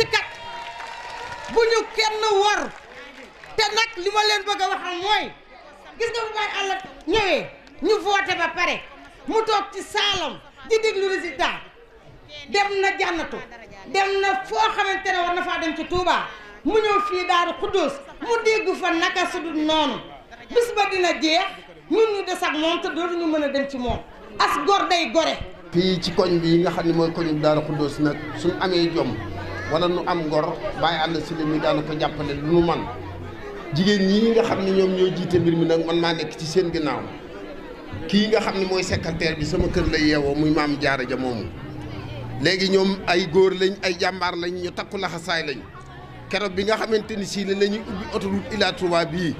sickat bu ñu kenn wor te nag li ma leen bëgg waxal mooy gis nga bu baax àll ñëwee ñu voté ba pare mu toog ci saalam di déglu résultat dem na jànnatu dem na foo xamante ne war na faa dem ci Touba mu ñëw fii Daaru Xuddoos mu dégg fa naka su dul noonu bis ba dina jeex ñun ñu des ak moom te dootuñu mën a dem ci moom as gor day gore. fii ci koñ bi nga xam ne mooy koñu Daaru Xuddoos nag suñ amee jomm wala nu am ngor bàyyi àll si li mi daana ko jàppale lu nu man jigéen ñi nga xam ne ñoom ñoo jiite mbir mi nag man maa nekk ci seen ginnaaw kii nga xam ni mooy secrétaire bi sama kër lay yeewoo muy maam jaara ja moomu léegi ñoom ay góor lañ ay jàmbaar lañ ñu takku laxasaay lañ keroog bi nga xamante ni sii la ñuy ubbi autoroute Ila Touba bii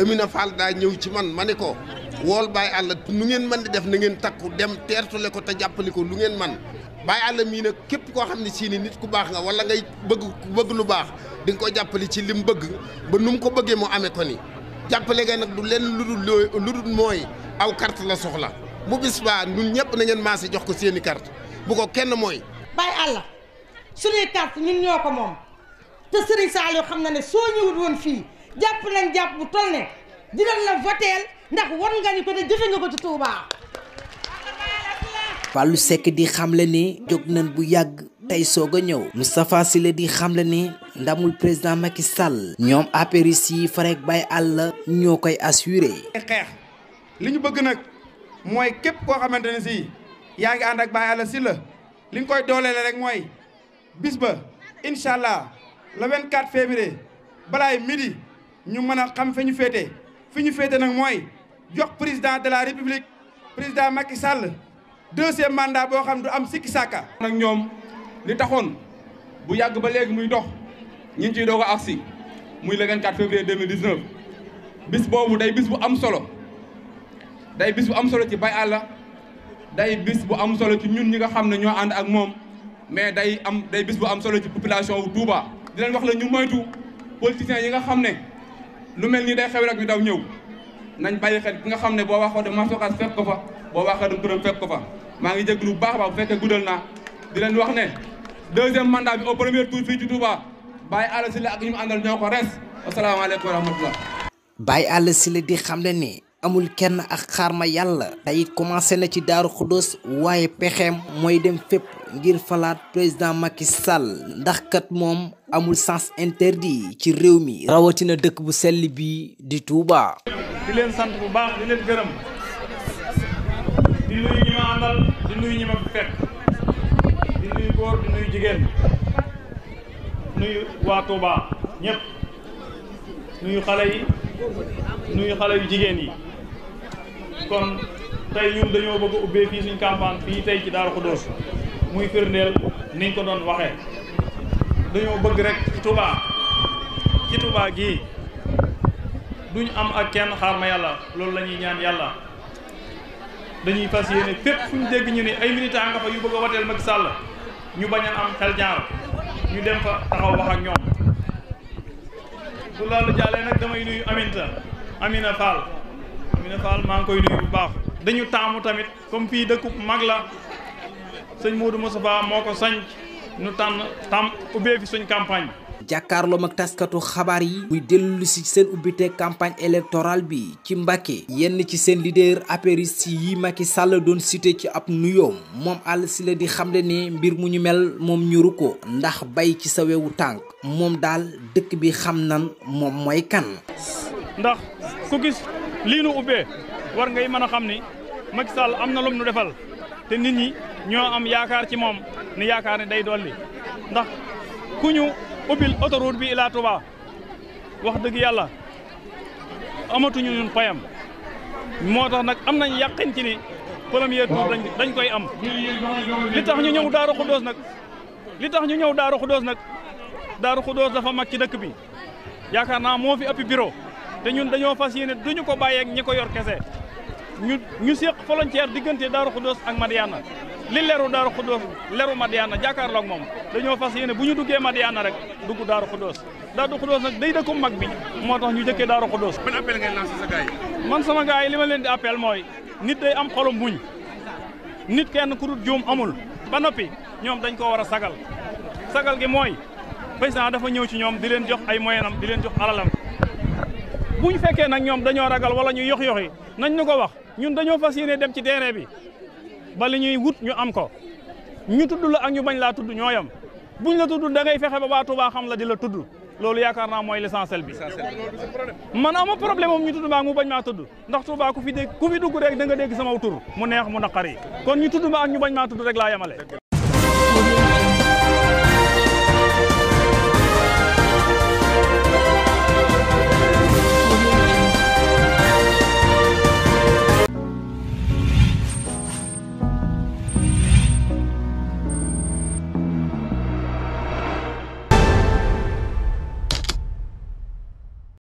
Amina Fall daa ñëw ci man ma ne ko wool Baye Alla nu ngeen mën di def na ngeen takku dem teertule ko te jàppale ko lu ngeen man Baye àlla mii nag képp koo xam ne sii ni nit ku baax nga wala ngay bëgg bëgg lu baax dinga koo ko jàppale ci lim bëgg ba nu mu ko bëggee mu amee ko ni jàppale nga nag du lenn lu dul lu dul mooy aw carte la soxla bu bis baa ñun ñëpp na maa si jox ko seeni carte bu ko kenn mooy. Baye Alla suñuy carte ñun ñoo ko moom te Serigne Saliou xam na ne soo ñëwut woon fii jàpp nañ jàpp dinañ la voteel ndax war nga ni ko te jëfe nga ko ci Touba. Fallou Seck di xamle ne jóg nañ bu yàgg tey soog a ñëw Moustapha Sylla di xamle ne ndamul président Macky Sall ñoom apéris yi farek bay àll ñoo koy assuré. xeex li ñu bëgg nag mooy képp koo xamante ne si yaa ngi ànd ak Baye Alla Sylla li ñu koy dooleele rek mooy bis ba incha allah le 24 février balaay midi ñu mën a xam fa ñu féete. fi ñu féete nag mooy jox président de la république président Macky sàll deuxième mandat boo xam du am sikki sàkka nag ñoom li taxoon bu yàgg ba léegi muy dox ñu ngi ciy doog a agsi muy le 24 février 2019 bis boobu day bis bu am solo day bis bu am solo ci Baye Alla day bis bu am solo ci ñun ñi nga xam ne ñoo ànd ak moom mais day am day bis bu am solo ci population wu Touba. di leen wax la ñu moytu politiciens yi nga xam ne. lu mel nii day xew rek ñu daw ñëw nañ bàyyi xel ki nga xam ne boo waxoo de Maam fekk ko fa boo waxee dem turam fekk ko fa maa ngi jéglu bu baax ba baax bu fekkee guddal naa di leen wax ne deuxième mandat bi au premier tour fii ci Touba Baye Alla Sylla ak ñu mu àndal ñoo ko res asalaamaaleykum wa rahmatullah Baye Alla Sylla di xam ne nii amul kenn ak xaar ma yàlla tey commencé na ci Daaru Xuddoos waaye pexeem mooy dem fépp ngir falaat président Macky Sall ndax moom amul sans interdit ci réew mi rawatina dëkk bu sell bi di tuuba di leen sant bu baax di leen gërëm di nuyu ñi ma di nuyu ñi ma fekk di nuyu góor di nuyu jigéen nuyu waa Touba ñëpp nuyu xale yi. nuyu xale yu jigéen yi kon tey ñun dañoo bëgg ubbi fii suñ campagne fii tey ci Daaru Xudoos muy firndeel niñ ko doon waxee dañoo bëgg rek ci Touba ci Touba gii duñ am ak kenn xaar ma yàlla loolu la ñuy ñaan yàlla dañuy fas yéene fépp fu ñu dégg ñu ne ay militants nga fa yu bëgg a wateel Macky sàll ñu bañ a am xel ñaar ñu dem fa taxaw wax ak ñoom sulal jale nak damay nuyu aminta amina fall amina fall mang koy nuyu bu baax dañu tamu tamit comme fi dekkup magla seigne modou mustapha moko sañ nu tan tam ubé fi suñ campagne jàkkaarloom ak taskatu xabaar yi muy dellu si seen ubbite campagne électorale bi ci Mbàkke yenn ci seen leader apériste yi Macky Sall doon cité ci ab nuyoom moom àll si la di xamle ne mbir mu ñu mel moom ñuru ko ndax bay ci sa wewu tànk moom daal dëkk bi xam nan moom mooy kan ndax ku gis lii nu ubbee war ngay mën a xam ni Macky Sall am na lum nu defal te nit ñi ñoo am yaakaar ci moom ni yaakaar ne day dolli ndax ku ñu ubbil autoroute bi ilaa wax dëgg yàlla amatuñu ñun payam moo tax nag am nañ yàqin ci ni premier tour dañ koy am li tax ñu ñëw Daaru Xuddoos nag li tax ñu ñëw Daaru Xuddoos nag Daaru Xuddoos dafa mag ci dëkk bi yaakaar naa moo fi ëpp bureau te ñun dañoo fas yéene duñu ko bàyyeeg ñi ko yor kese ñu ñu seq frontière diggante Daaru Xuddoos ak Madiana li leru daaru xuddoos leru madiyaana jàkkaarloog moom dañoo fas yéene bu ñu duggee madiyaana rek dugg daaru xuddoos daaru xuddoos nag day dëkku mag bi moo tax ñu jëkkee daaru xuddoos ban appel ngay lancé sa gars yi man sama gars yi li ma leen di appel mooy nit day am xolum muñ nit kenn ku dul juum amul ba noppi ñoom dañ koo war a sagal sagal gi mooy président dafa ñëw ci ñoom di leen jox ay moyenam di leen jox alalam bu ñu fekkee nag ñoom dañoo ragal wala ñu yox yoxi nañ ñu ko wax ñun dañoo fas yéene dem ci terrain bi ba li ñuy wut ñu am ko ñu tudd la ak ñu bañ laa tudd ñooyam buñ la tudd da ngay fexe ba waa Touba xam la di la tudd loolu yaakaar naa mooy l'essentiel bi man ama problème moom ñu tudd maa mu bañ maa tudd ndax Touba ku fi dégg ku dugg rek da nga dégg sama tur mu neex mu naqari kon ñu tudd ma ak ñu bañ maa tudd rek laa yemale